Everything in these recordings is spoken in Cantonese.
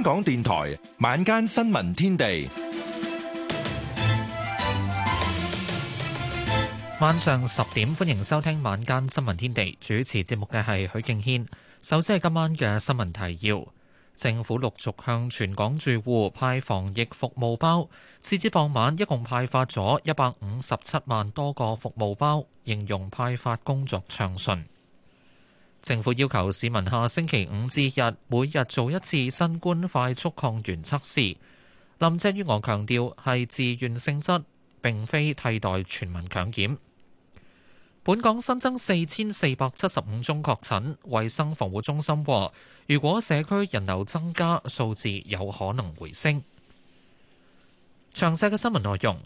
香港電臺晚間新聞天地，晚上十點歡迎收聽晚間新聞天地。主持節目嘅係許敬軒。首先係今晚嘅新聞提要：政府陸續向全港住戶派防疫服務包，截至傍晚一共派發咗一百五十七萬多個服務包，形容派發工作暢順。政府要求市民下星期五至日每日做一次新冠快速抗原測試，林鄭月娥強調係自願性質，並非替代全民強檢。本港新增四千四百七十五宗確診，衛生防護中心話，如果社區人流增加，數字有可能回升。詳細嘅新聞內容，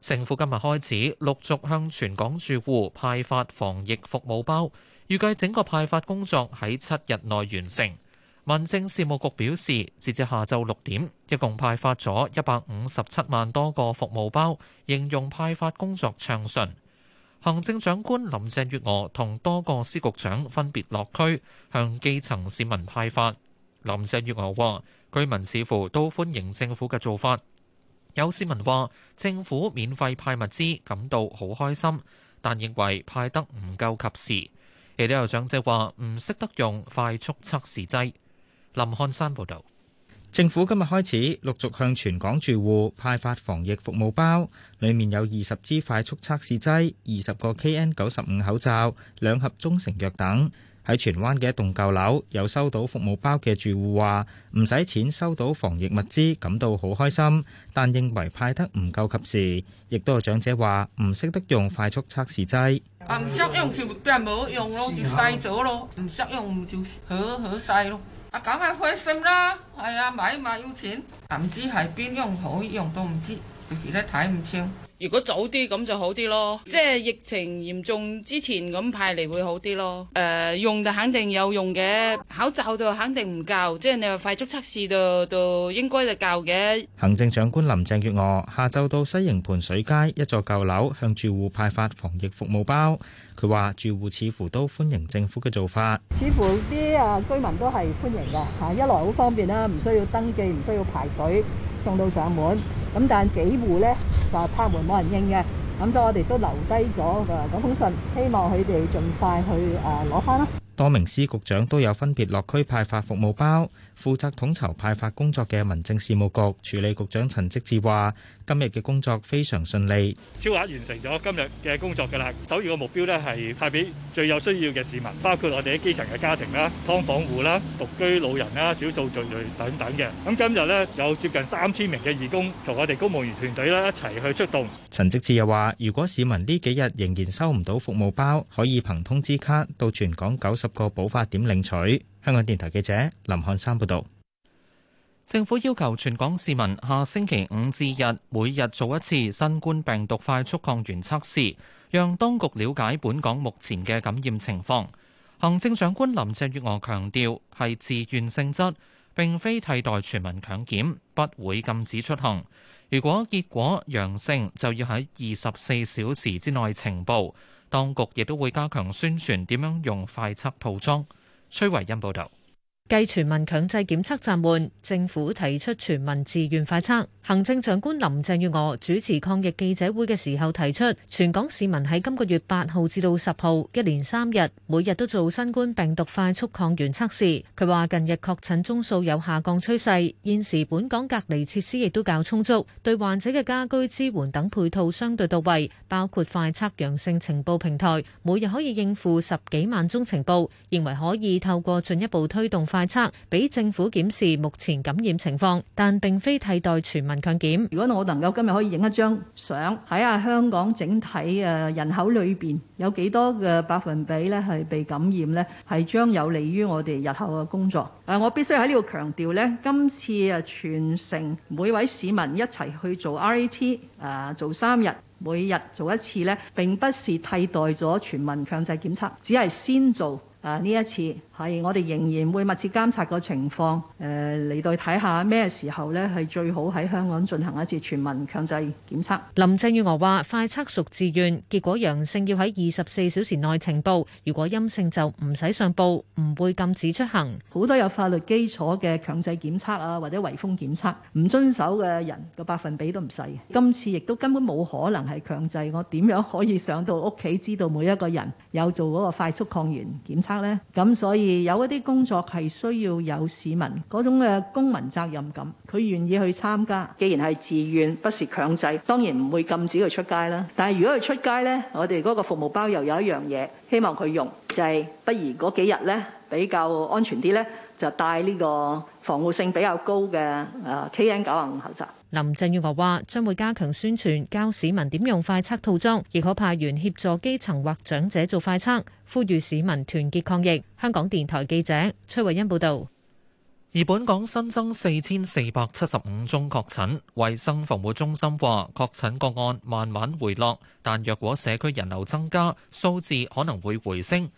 政府今日開始陸續向全港住戶派發防疫服務包。預計整個派發工作喺七日內完成。民政事務局表示，截至下晝六點，一共派發咗一百五十七萬多個服務包，應用派發工作暢順。行政長官林鄭月娥同多個司局長分別落區向基層市民派發。林鄭月娥話：居民似乎都歡迎政府嘅做法，有市民話政府免費派物資，感到好開心，但認為派得唔夠及時。亦都有長者話唔識得用快速測試劑。林漢山報導，政府今日開始陸續向全港住戶派發防疫服務包，裡面有二十支快速測試劑、二十個 KN 九十五口罩、兩盒中成藥等。喺荃灣嘅一棟舊樓，有收到服務包嘅住戶話唔使錢收到防疫物資，感到好開心，但認為派得唔夠及時。亦都有長者話唔識得用快速測試劑，唔識用就冇用咯，就曬咗咯，唔識用就好好曬咯。啊咁啊開心啦，係啊買咪要錢，唔知係邊樣好用都唔知，到時呢睇唔清。如果早啲咁就好啲咯，即係疫情嚴重之前咁派嚟會好啲咯。誒、呃，用就肯定有用嘅，口罩就肯定唔夠，即係你話快速測試都都應該就夠嘅。行政長官林鄭月娥下晝到西營盤水街一座舊樓，向住戶派發防疫服務包。佢話：住戶似乎都歡迎政府嘅做法，似乎啲啊居民都係歡迎嘅嚇，一來好方便啦，唔需要登記，唔需要排隊，送到上門。咁但係幾戶咧就拍門冇人應嘅，咁所以我哋都留低咗嗰封信，希望佢哋盡快去誒攞翻啦。多名司局長都有分別落區派發服務包。負責統籌派發工作嘅民政事務局處理局長陳積志話：今日嘅工作非常順利，超額完成咗今日嘅工作噶啦。首要嘅目標呢係派俾最有需要嘅市民，包括我哋喺基層嘅家庭啦、劏房戶啦、獨居老人啦、少數族裔等等嘅。咁今日呢，有接近三千名嘅義工同我哋公務員團隊啦一齊去出動。陳積志又話：如果市民呢幾日仍然收唔到服務包，可以憑通知卡到全港九十個補發點領取。香港電台記者林漢山報道，政府要求全港市民下星期五至日每日做一次新冠病毒快速抗原測試，讓當局了解本港目前嘅感染情況。行政長官林鄭月娥強調，係自願性質，並非替代全民強檢，不會禁止出行。如果結果陽性，就要喺二十四小時之內呈報當局，亦都會加強宣傳點樣用快測套裝。崔維恩報道。繼全民強制檢測暫緩，政府提出全民自願快測。行政長官林鄭月娥主持抗疫記者會嘅時候提出，全港市民喺今個月八號至到十號，一連三日，每日都做新冠病毒快速抗原測試。佢話近日確診宗數有下降趨勢，現時本港隔離設施亦都較充足，對患者嘅家居支援等配套相對到位，包括快測陽性情報平台，每日可以應付十幾萬宗情報，認為可以透過進一步推動快。測俾政府檢視目前感染情況，但並非替代全民強檢。如果我能夠今日可以影一張相，睇下香港整體誒人口裏邊有幾多嘅百分比咧係被感染咧，係將有利於我哋日後嘅工作。誒，我必須喺呢度強調咧，今次誒全城每位市民一齊去做 RAT 誒做三日，每日做一次咧，並不是替代咗全民強制檢測，只係先做。啊！呢一次係我哋仍然會密切監察個情況，誒嚟到睇下咩時候咧係最好喺香港進行一次全民強制檢測。林鄭月娥話：快測屬自願，結果陽性要喺二十四小時內呈報；如果陰性就唔使上報，唔會禁止出行。好多有法律基礎嘅強制檢測啊，或者圍封檢測，唔遵守嘅人個百分比都唔細。今次亦都根本冇可能係強制，我點樣可以上到屋企知道每一個人有做嗰個快速抗原檢測？咁，所以有一啲工作係需要有市民嗰種嘅公民責任感，佢願意去參加。既然係自願，不是強制，當然唔會禁止佢出街啦。但係如果佢出街咧，我哋嗰個服務包又有一樣嘢，希望佢用，就係、是、不如嗰幾日咧比較安全啲咧，就帶呢個防護性比較高嘅啊 KN 九啊五口罩。林鄭月娥話將會加強宣傳，教市民點用快測套裝，亦可派員協助基層或長者做快測，呼籲市民團結抗疫。香港電台記者崔慧欣報導。而本港新增四千四百七十五宗確診，衞生防護中心話確診個案慢慢回落，但若果社區人流增加，數字可能會回升。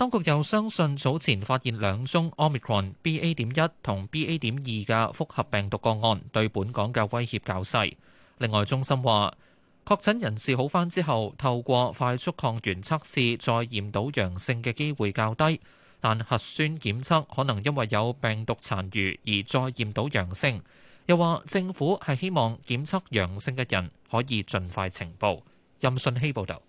當局又相信，早前發現兩宗奧密克戎 BA 點一同 BA 點二嘅複合病毒個案，對本港嘅威脅較細。另外，中心話，確診人士好翻之後，透過快速抗原測試再驗到陽性嘅機會較低，但核酸檢測可能因為有病毒殘餘而再驗到陽性。又話，政府係希望檢測陽性嘅人可以盡快呈報。任信希報道。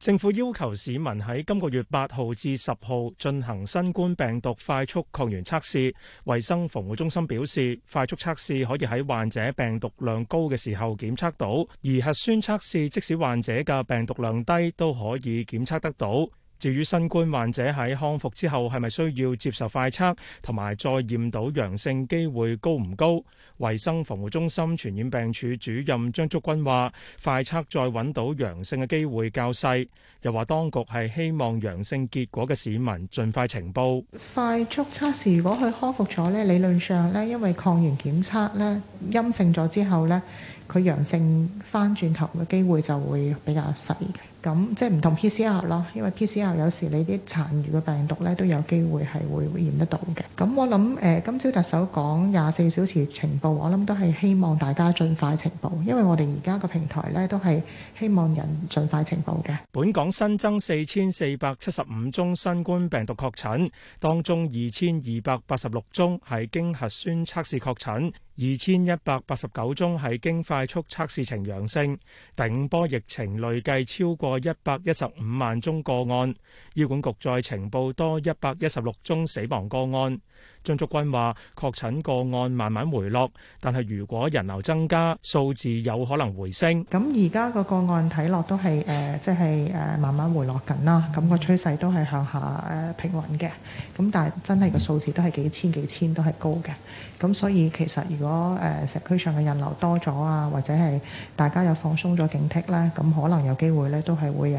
政府要求市民喺今個月八號至十號進行新冠病毒快速抗原測試。衞生防護中心表示，快速測試可以喺患者病毒量高嘅時候檢測到，而核酸測試即使患者嘅病毒量低都可以檢測得到。至於新冠患者喺康復之後係咪需要接受快測，同埋再驗到陽性機會高唔高？衞生防護中心傳染病處主任張竹君話：快測再揾到陽性嘅機會較細。又話當局係希望陽性結果嘅市民盡快呈報。快速測試如果佢康復咗呢，理論上呢，因為抗原檢測呢，陰性咗之後呢，佢陽性翻轉頭嘅機會就會比較細。咁即係唔同 PCR 咯，因為 PCR 有時你啲殘餘嘅病毒咧都有機會係會驗得到嘅。咁我諗誒、呃，今朝特首講廿四小時情報，我諗都係希望大家盡快情報，因為我哋而家個平台咧都係希望人盡快情報嘅。本港新增四千四百七十五宗新冠病毒確診，當中二千二百八十六宗係經核酸測試確診。二千一百八十九宗係經快速測試呈陽性，第五波疫情累計超過一百一十五萬宗個案。醫管局再呈報多一百一十六宗死亡個案。張竹君話：確診個案慢慢回落，但係如果人流增加，數字有可能回升。咁而家個個案睇落都係誒，即係誒慢慢回落緊啦。咁個趨勢都係向下誒平穩嘅。咁但係真係個數字都係幾千幾千都係高嘅。咁所以其實如果誒社區上嘅人流多咗啊，或者係大家又放鬆咗警惕咧，咁可能有機會咧都係會有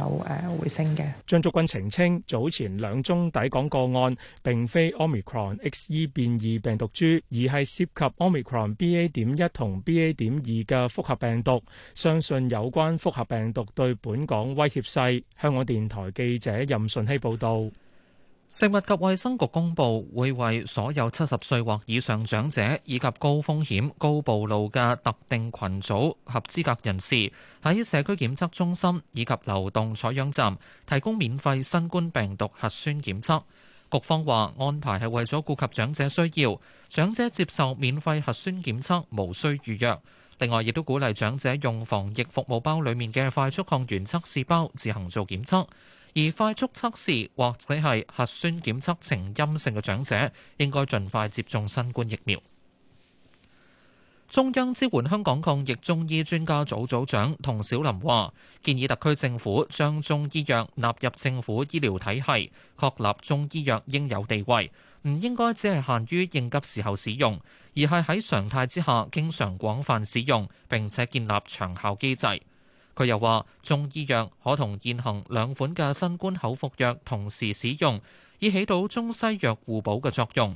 誒回升嘅。張竹君澄清早前兩宗抵港個案，並非 Omicron X。易變異病毒株，而係涉及 Omicron BA. 點一同 BA. 點二嘅複合病毒。相信有關複合病毒對本港威脅細。香港電台記者任順希報導。食物及衛生局公布，會為所有七十歲或以上長者以及高風險、高暴露嘅特定群組合資格人士，喺社區檢測中心以及流動採樣站提供免費新冠病毒核酸檢測。局方話安排係為咗顧及長者需要，長者接受免費核酸檢測，無需預約。另外，亦都鼓勵長者用防疫服務包裡面嘅快速抗原測試包自行做檢測。而快速測試，或者係核酸檢測呈陰性嘅長者，應該盡快接種新冠疫苗。中央支援香港抗疫中醫專家組組長童小林話，建議特區政府將中醫藥納入政府醫療體系，確立中醫藥應有地位，唔應該只係限於應急時候使用，而係喺常態之下經常廣泛使用，並且建立長效機制。佢又話中醫藥可同現行兩款嘅新冠口服藥同時使用，以起到中西藥互補嘅作用。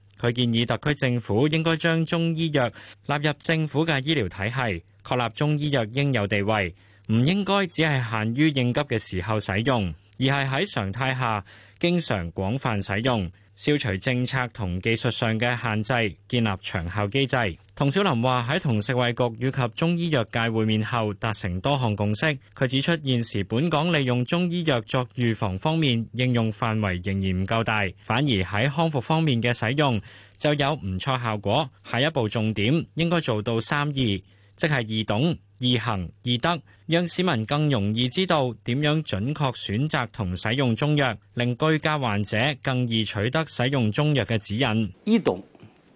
佢建議特區政府應該將中醫藥納入政府嘅醫療體系，確立中醫藥應有地位，唔應該只係限於應急嘅時候使用，而係喺常態下經常廣泛使用，消除政策同技術上嘅限制，建立長效機制。唐小林話：喺同食衞局以及中醫藥界會面後，達成多項共識。佢指出，現時本港利用中醫藥作預防方面應用範圍仍然唔夠大，反而喺康復方面嘅使用就有唔錯效果。下一步重點應該做到三易，即係易懂、易行、易得，讓市民更容易知道點樣準確選擇同使用中藥，令居家患者更易取得使用中藥嘅指引。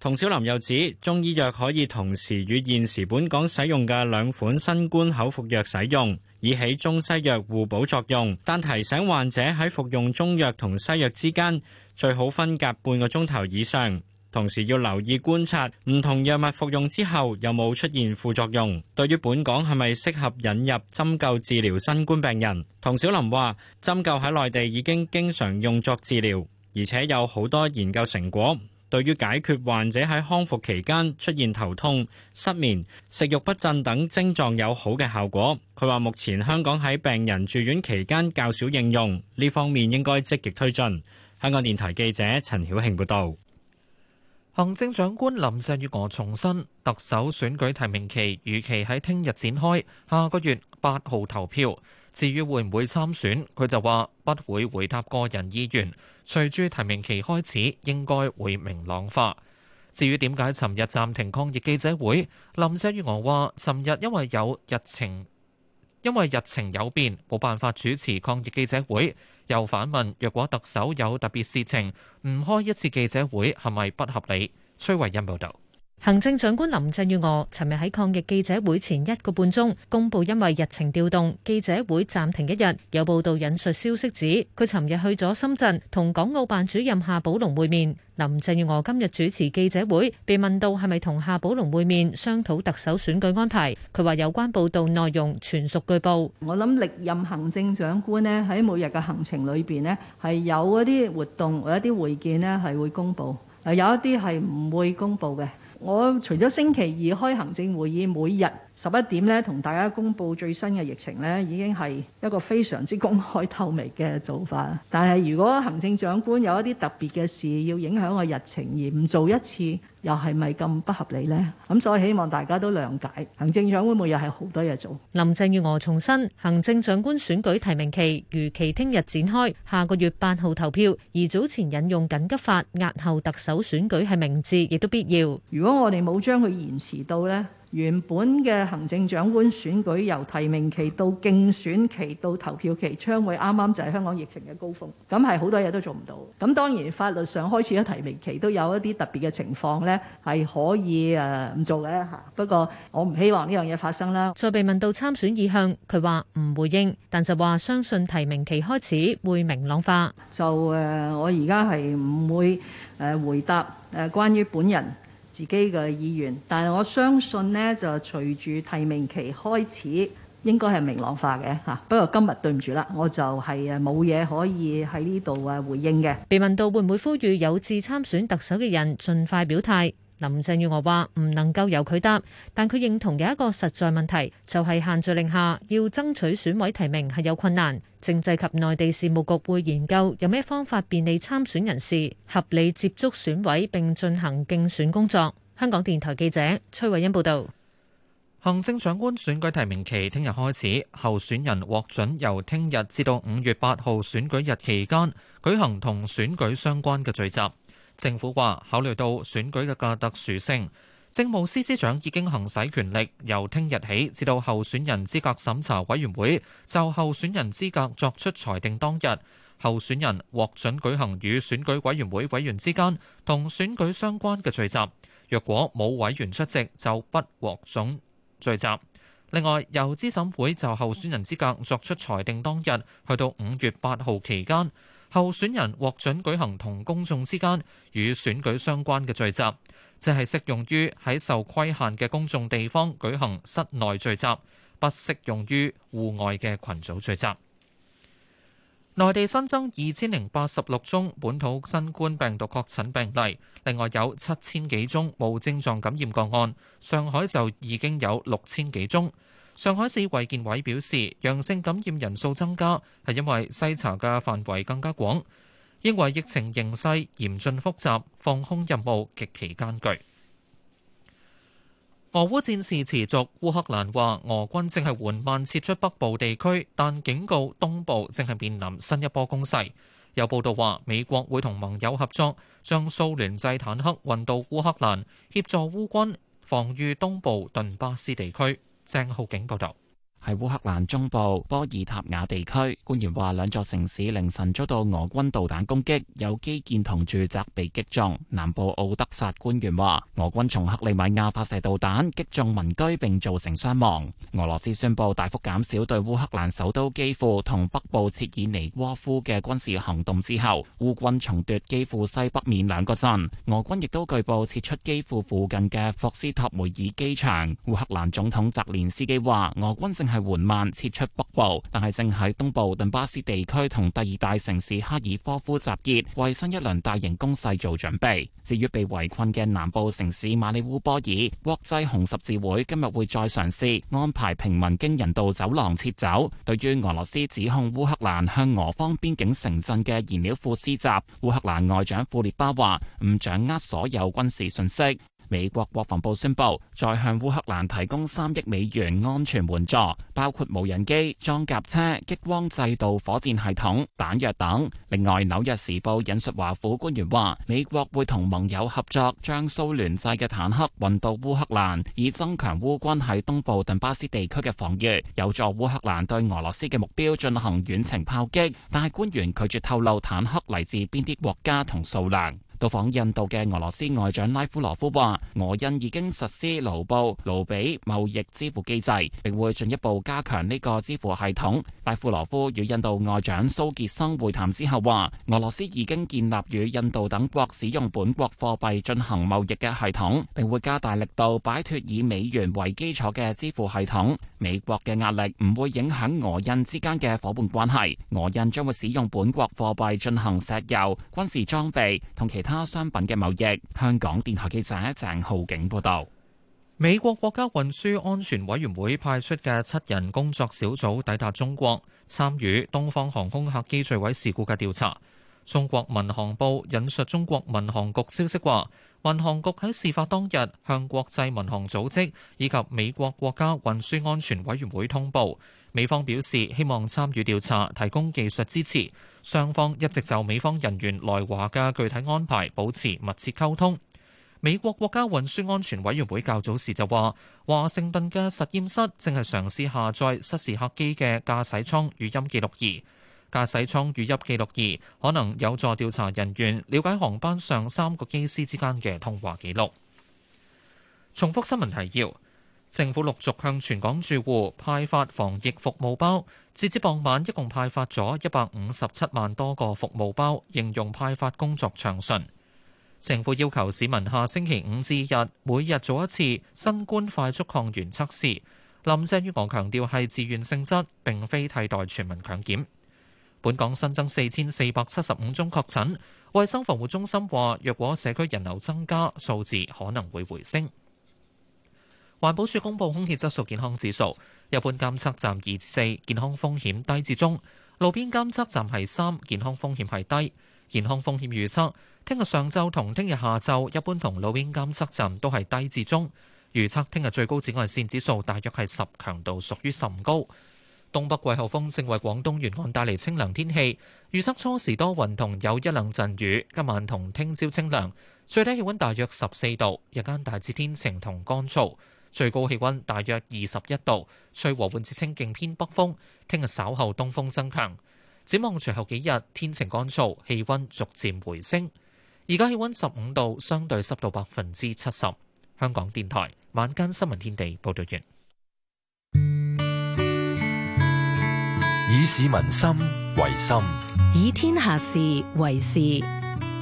唐小林又指，中醫藥可以同時與現時本港使用嘅兩款新冠口服藥使用，以起中西藥互補作用。但提醒患者喺服用中藥同西藥之間最好分隔半個鐘頭以上，同時要留意觀察唔同藥物服用之後有冇出現副作用。對於本港係咪適合引入針灸治療新冠病人，唐小林話針灸喺內地已經經常用作治療，而且有好多研究成果。對於解決患者喺康復期間出現頭痛、失眠、食欲不振等症狀有好嘅效果。佢話：目前香港喺病人住院期間較少應用，呢方面，應該積極推進。香港電台記者陳曉慶報道：行政長官林鄭月娥重申，特首選舉提名期預期喺聽日展開，下個月八號投票。至於會唔會參選，佢就話不會回答個人意願。隨住提名期開始應該會明朗化。至於點解尋日暫停抗疫記者會，林鄭月娥話尋日因為有日程，因為日程有變，冇辦法主持抗疫記者會。又反問若果特首有特別事情，唔開一次記者會係咪不合理？崔慧欣報導。行政長官林鄭月娥尋日喺抗疫記者會前一個半鐘公布，因為日程調動，記者會暫停一日。有報道引述消息指，佢尋日去咗深圳同港澳辦主任夏寶龍會面。林鄭月娥今日主持記者會，被問到係咪同夏寶龍會面商討特首選舉安排，佢話有關報道內容全屬據報。我諗歷任行政長官呢喺每日嘅行程裏邊呢係有一啲活動或一啲會見呢係會公布，有一啲係唔會公布嘅。我除咗星期二開行政會議，每日十一點咧同大家公布最新嘅疫情咧，已經係一個非常之公開透明嘅做法。但係如果行政長官有一啲特別嘅事要影響我日程，而唔做一次。又係咪咁不合理呢？咁所以希望大家都諒解。行政長官會唔會又係好多嘢做。林鄭月娥重申，行政長官選舉提名期如期聽日展開，下個月八號投票。而早前引用緊急法押後特首選舉係明智，亦都必要。如果我哋冇將佢延遲到呢？原本嘅行政長官選舉由提名期到競選期到投票期，將會啱啱就係香港疫情嘅高峰，咁係好多嘢都做唔到。咁當然法律上開始咗提名期，都有一啲特別嘅情況咧，係可以誒唔做嘅嚇。不過我唔希望呢樣嘢發生啦。再被問到參選意向，佢話唔回應，但就話相信提名期開始會明朗化。就誒，我而家係唔會誒回答誒關於本人。自己嘅意願，但係我相信呢，就隨住提名期開始，應該係明朗化嘅嚇、啊。不過今日對唔住啦，我就係誒冇嘢可以喺呢度誒回應嘅。被問到會唔會呼籲有志參選特首嘅人盡快表態。林鄭月娥話：唔能夠由佢答，但佢認同有一個實在問題，就係限聚令下要爭取選委提名係有困難。政制及內地事務局會研究有咩方法便利參選人士合理接觸選委並進行競選工作。香港電台記者崔慧欣報道。行政長官選舉提名期聽日開始，候選人獲准由聽日至到五月八號選舉日期間舉行同選舉相關嘅聚集。政府話考慮到選舉嘅嘅特殊性，政務司司長已經行使權力，由聽日起至到候選人資格審查委員會就候選人資格作出裁定當日，候選人獲准舉行與選舉委員會委員之間同選舉相關嘅聚集。若果冇委員出席，就不獲准聚集。另外，由資審會就候選人資格作出裁定當日去到五月八號期間。候選人獲准舉行同公眾之間與選舉相關嘅聚集，即係適用於喺受規限嘅公眾地方舉行室內聚集，不適用於戶外嘅群組聚集。內地新增二千零八十六宗本土新冠病毒確診病例，另外有七千幾宗無症狀感染個案，上海就已經有六千幾宗。上海市衛健委表示，陽性感染人數增加，係因為篩查嘅範圍更加廣。因為疫情形勢嚴峻複雜，放空任務極其艱巨。俄烏戰事持續，烏克蘭話俄軍正係緩慢撤出北部地區，但警告東部正係面臨新一波攻勢。有報道話，美國會同盟友合作，將蘇聯製坦克運到烏克蘭，協助烏軍防禦東部頓巴斯地區。鄭浩景報道。喺烏克蘭中部波爾塔瓦地區官員話，兩座城市凌晨遭到俄軍導彈攻擊，有基建同住宅被擊中。南部奧德薩官員話，俄軍從克里米亞發射導彈，擊中民居並造成傷亡。俄羅斯宣佈大幅減少對烏克蘭首都基輔同北部切爾尼戈夫嘅軍事行動之後，烏軍重奪基輔西北面兩個鎮，俄軍亦都據報撤出基輔附近嘅霍斯托梅爾機場。烏克蘭總統澤連斯基話，俄軍正係緩慢撤出北部，但係正喺東部頓巴斯地區同第二大城市哈爾科夫集結，為新一輪大型攻勢做準備。至於被圍困嘅南部城市馬里烏波爾，國際紅十字會今日會再嘗試安排平民經人道走廊撤走。對於俄羅斯指控烏克蘭向俄方邊境城鎮嘅燃料庫施襲，烏克蘭外長庫列巴話唔掌握所有軍事信息。美國國防部宣布，再向烏克蘭提供三億美元安全援助，包括無人機、裝甲車、激光制導火箭系統、彈藥等。另外，《紐約時報》引述華府官員話：美國會同盟友合作，將蘇聯製嘅坦克運到烏克蘭，以增強烏軍喺東部頓巴斯地區嘅防禦，有助烏克蘭對俄羅斯嘅目標進行遠程炮擊。但係官員拒絕透露坦克嚟自邊啲國家同數量。到訪印度嘅俄羅斯外長拉夫羅夫話：俄印已經實施盧布盧比貿易支付機制，並會進一步加強呢個支付系統。拉夫羅夫與印度外長蘇傑生會談之後話：俄羅斯已經建立與印度等國使用本國貨幣進行貿易嘅系統，並會加大力度擺脫以美元為基礎嘅支付系統。美國嘅壓力唔會影響俄印之間嘅伙伴關係。俄印將會使用本國貨幣進行石油、軍事裝備同其他。其他商品嘅貿易。香港電台記者鄭浩景報導，美國國家運輸安全委員會派出嘅七人工作小組抵達中國，參與東方航空客機墜毀事故嘅調查。中國民航部引述中國民航局消息話，民航局喺事發當日向國際民航組織以及美國國家運輸安全委員會通報。美方表示希望參與調查，提供技術支持。雙方一直就美方人員來華嘅具體安排保持密切溝通。美國國家運輸安全委員會較早時就話，華盛頓嘅實驗室正係嘗試下載失事客機嘅駕駛艙語音記錄儀，駕駛艙語音記錄儀可能有助調查人員了解航班上三個機師之間嘅通話記錄。重複新聞提要。政府陸續向全港住戶派發防疫服務包，截至傍晚一共派發咗一百五十七萬多個服務包，應用派發工作暢順。政府要求市民下星期五至日每日做一次新冠快速抗原測試。林鄭月娥強調係自願性質，並非替代全民強檢。本港新增四千四百七十五宗確診，衞生防護中心話，若果社區人流增加，數字可能會回升。環保署公布空氣質素健康指數，一般監測站二至四，健康風險低至中；路邊監測站係三，健康風險係低。健康風險預測：聽日上晝同聽日下晝，一般同路邊監測站都係低至中。預測聽日最高紫外線指數大約係十，強度屬於甚高。東北季候風正為廣東沿岸帶嚟清涼天氣。預測初時多雲同有一兩陣雨，今晚同聽朝清涼，最低氣溫大約十四度，日間大致天晴同乾燥。最高氣溫大約二十一度，吹和緩至清勁偏北風。聽日稍後東風增強，展望隨後幾日天晴乾燥，氣溫逐漸回升。而家氣溫十五度，相對濕度百分之七十。香港電台晚間新聞天地報道完。以市民心為心，以天下事為事。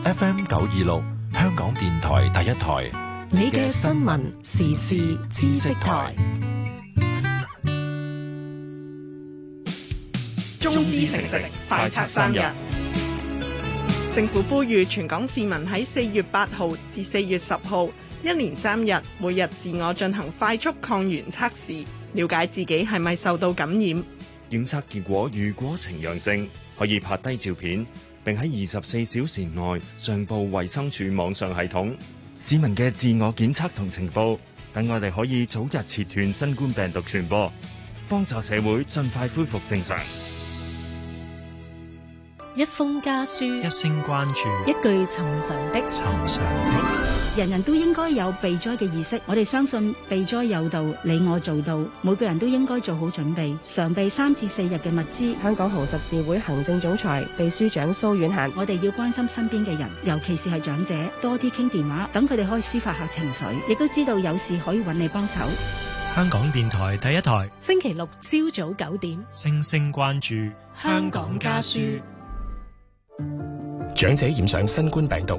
FM 九二六，香港電台第一台。你嘅新聞時事知識台，中資成績快測三日。三日政府呼籲全港市民喺四月八號至四月十號一連三日，每日自我進行快速抗原測試，了解自己係咪受到感染。檢測結果如果呈陽性，可以拍低照片，並喺二十四小時內上報衛生署網上系統。市民嘅自我檢測同情報，等我哋可以早日切斷新冠病毒傳播，幫助社會盡快恢復正常。一封家書，一聲關注，一句尋常的尋常的。人人都應該有備災嘅意識，我哋相信備災有道，你我做到，每個人都應該做好準備，常備三至四日嘅物資。香港紅十字會行政總裁、秘書長蘇遠行。我哋要關心身邊嘅人，尤其是係長者，多啲傾電話，等佢哋可以抒發下情緒，亦都知道有事可以揾你幫手。香港電台第一台，星期六朝早九點，聲聲關注香港家書。長者染上新冠病毒。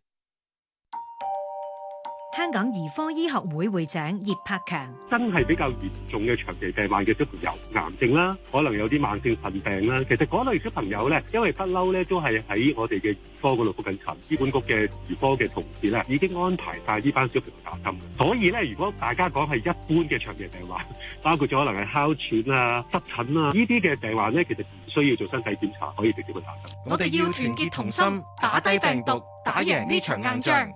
香港兒科醫學會會長葉柏強，真係比較嚴重嘅長期病患嘅小朋友，癌症啦，可能有啲慢性腎病啦。其實嗰類小朋友咧，因為不嬲咧，都係喺我哋嘅兒科嗰度附近尋醫管局嘅兒科嘅同事咧，已經安排晒呢班小朋友打針。所以咧，如果大家講係一般嘅長期病患，包括咗可能係哮喘啊、濕疹啊呢啲嘅病患咧，其實唔需要做身體檢查，可以直接去打針。我哋要團結同心，打低病毒，打贏呢場硬仗。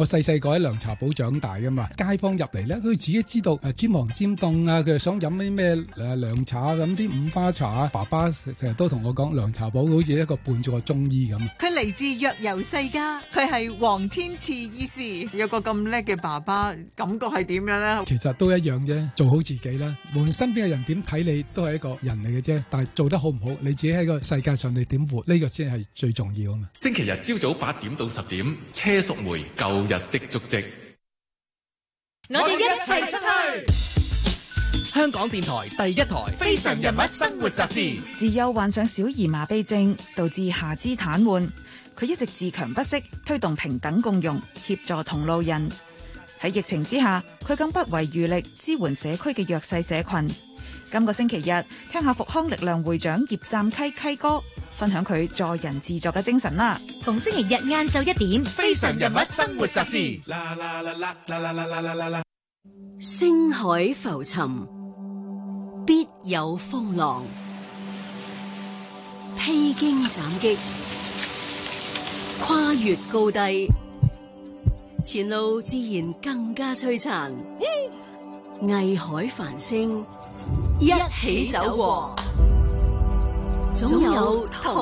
我細細個喺涼茶鋪長大噶嘛，街坊入嚟咧，佢自己知道誒尖寒尖凍啊，佢、啊、想飲啲咩誒涼茶啊，咁啲五花茶啊。爸爸成日都同我講，涼茶鋪好似一個半個中醫咁。佢嚟自藥油世家，佢係黃天賜醫師，有個咁叻嘅爸爸，感覺係點樣咧？其實都一樣啫，做好自己啦。無論身邊嘅人點睇你，都係一個人嚟嘅啫。但係做得好唔好，你自己喺個世界上你點活，呢、這個先係最重要啊嘛。星期日朝早八點到十點，車淑梅舊日的足跡，我哋一齊出去。香港電台第一台《非常人物生活雜誌》。自幼患上小兒麻痹症，導致下肢癱瘓，佢一直自強不息，推動平等共融，協助同路人。喺疫情之下，佢更不遺餘力支援社區嘅弱勢社群。今個星期日，聽下復康力量會長葉湛溪溪哥。分享佢助人自助嘅精神啦！逢星期日晏晝一點，《非常人物生活雜誌》。啦啦啦啦啦啦啦啦啦啦！星海浮沉，必有風浪；披荊斬棘，跨越高低，前路自然更加璀璨。藝海繁星，一起走過。總有痛。